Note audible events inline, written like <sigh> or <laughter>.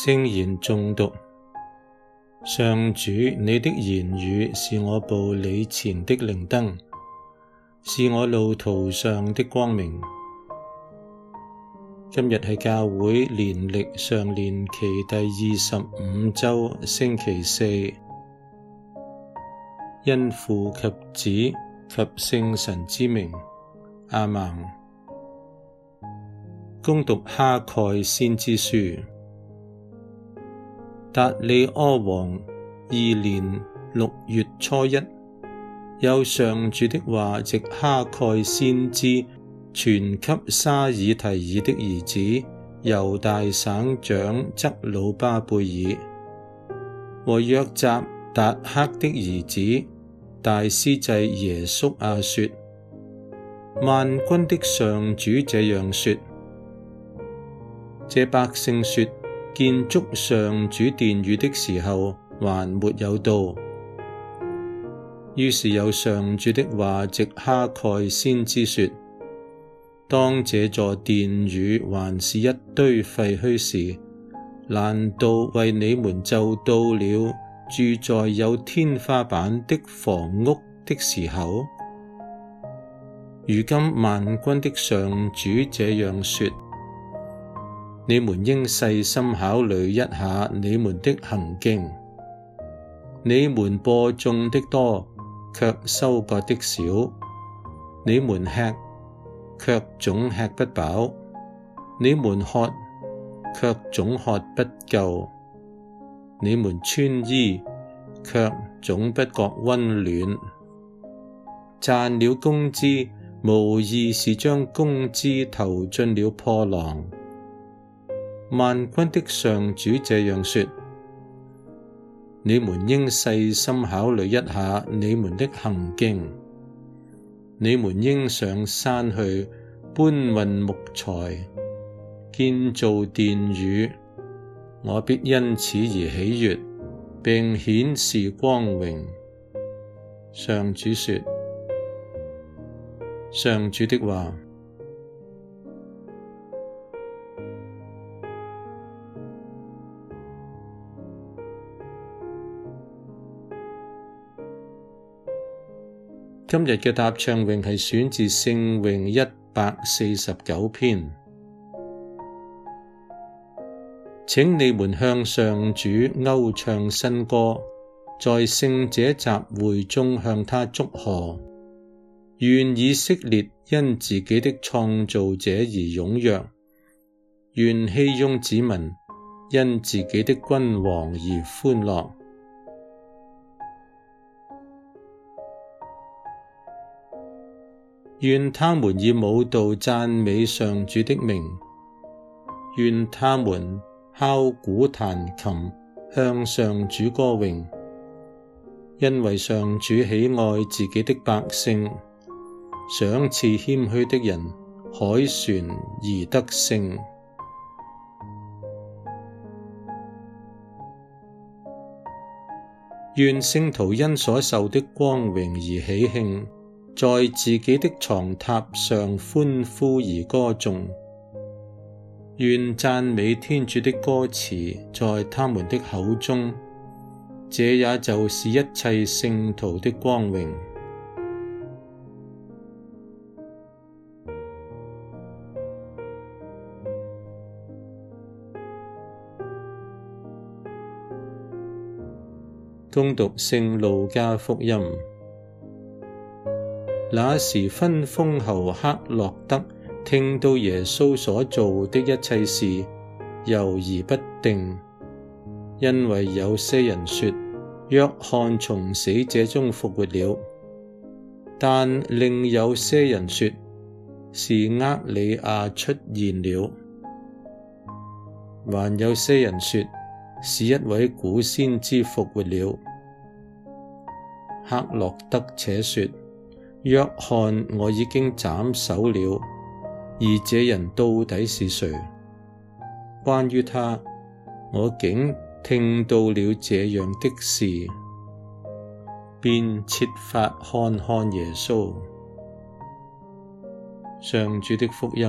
聖言誦讀。上主，你的言語是我步你前的靈燈，是我路途上的光明。今日係教會年曆常年期第二十五周星期四，因父及子及聖神之名，阿門。恭讀哈蓋先知書。達利阿王二年六月初一，有上主的話藉哈蓋先知傳給沙耳提耳的兒子猶大省長則魯巴貝耳，和約匝達克的兒子大司祭耶叔亞說：萬軍的上主這樣說，這百姓說。建築上主殿宇的時候還沒有到，於是有上主的話藉哈蓋先知說：當這座殿宇還是一堆廢墟時，難道為你們就到了住在有天花板的房屋的時候？如今萬軍的上主這樣說。你們應細心考慮一下你們的行徑。你們播種的多，卻收割的少；你們吃，卻總吃不飽；你們喝，卻總喝不夠；你們穿衣，卻總不覺温暖。賺了工資，無異是將工資投進了破囊。萬軍的上主這樣說：你們應細心考慮一下你們的行徑。你們應上山去搬運木材，建造殿宇。我必因此而喜悅，並顯示光榮。上主說。上主的話。今日嘅答唱詠係選自聖詠一百四十九篇，請你們向上主謳唱新歌，在聖者集會中向他祝賀，願以色列因自己的創造者而踊躍，願熙雍子民因自己的君王而歡樂。願他們以舞蹈讚美上主的名，願他們敲鼓彈琴向上主歌詠，因為上主喜愛自己的百姓，賞賜謙虛的人，凱旋而得勝。願聖徒因所受的光榮而喜慶。在自己的床榻上歡呼而歌頌，願讚美天主的歌詞在他們的口中，這也就是一切聖徒的光榮。恭 <music> 讀聖路加福音。那時，分封侯黑落德聽到耶穌所做的一切事，猶疑不定，因為有些人說，若翰從死者中復活了，但另有些人說是厄里亞出現了，還有些人說是一位古先知復活了。黑落德且說。若翰我已經斬首了，而這人到底是誰？關於他，我竟聽到了這樣的事，便設法看看耶穌。上主的福音。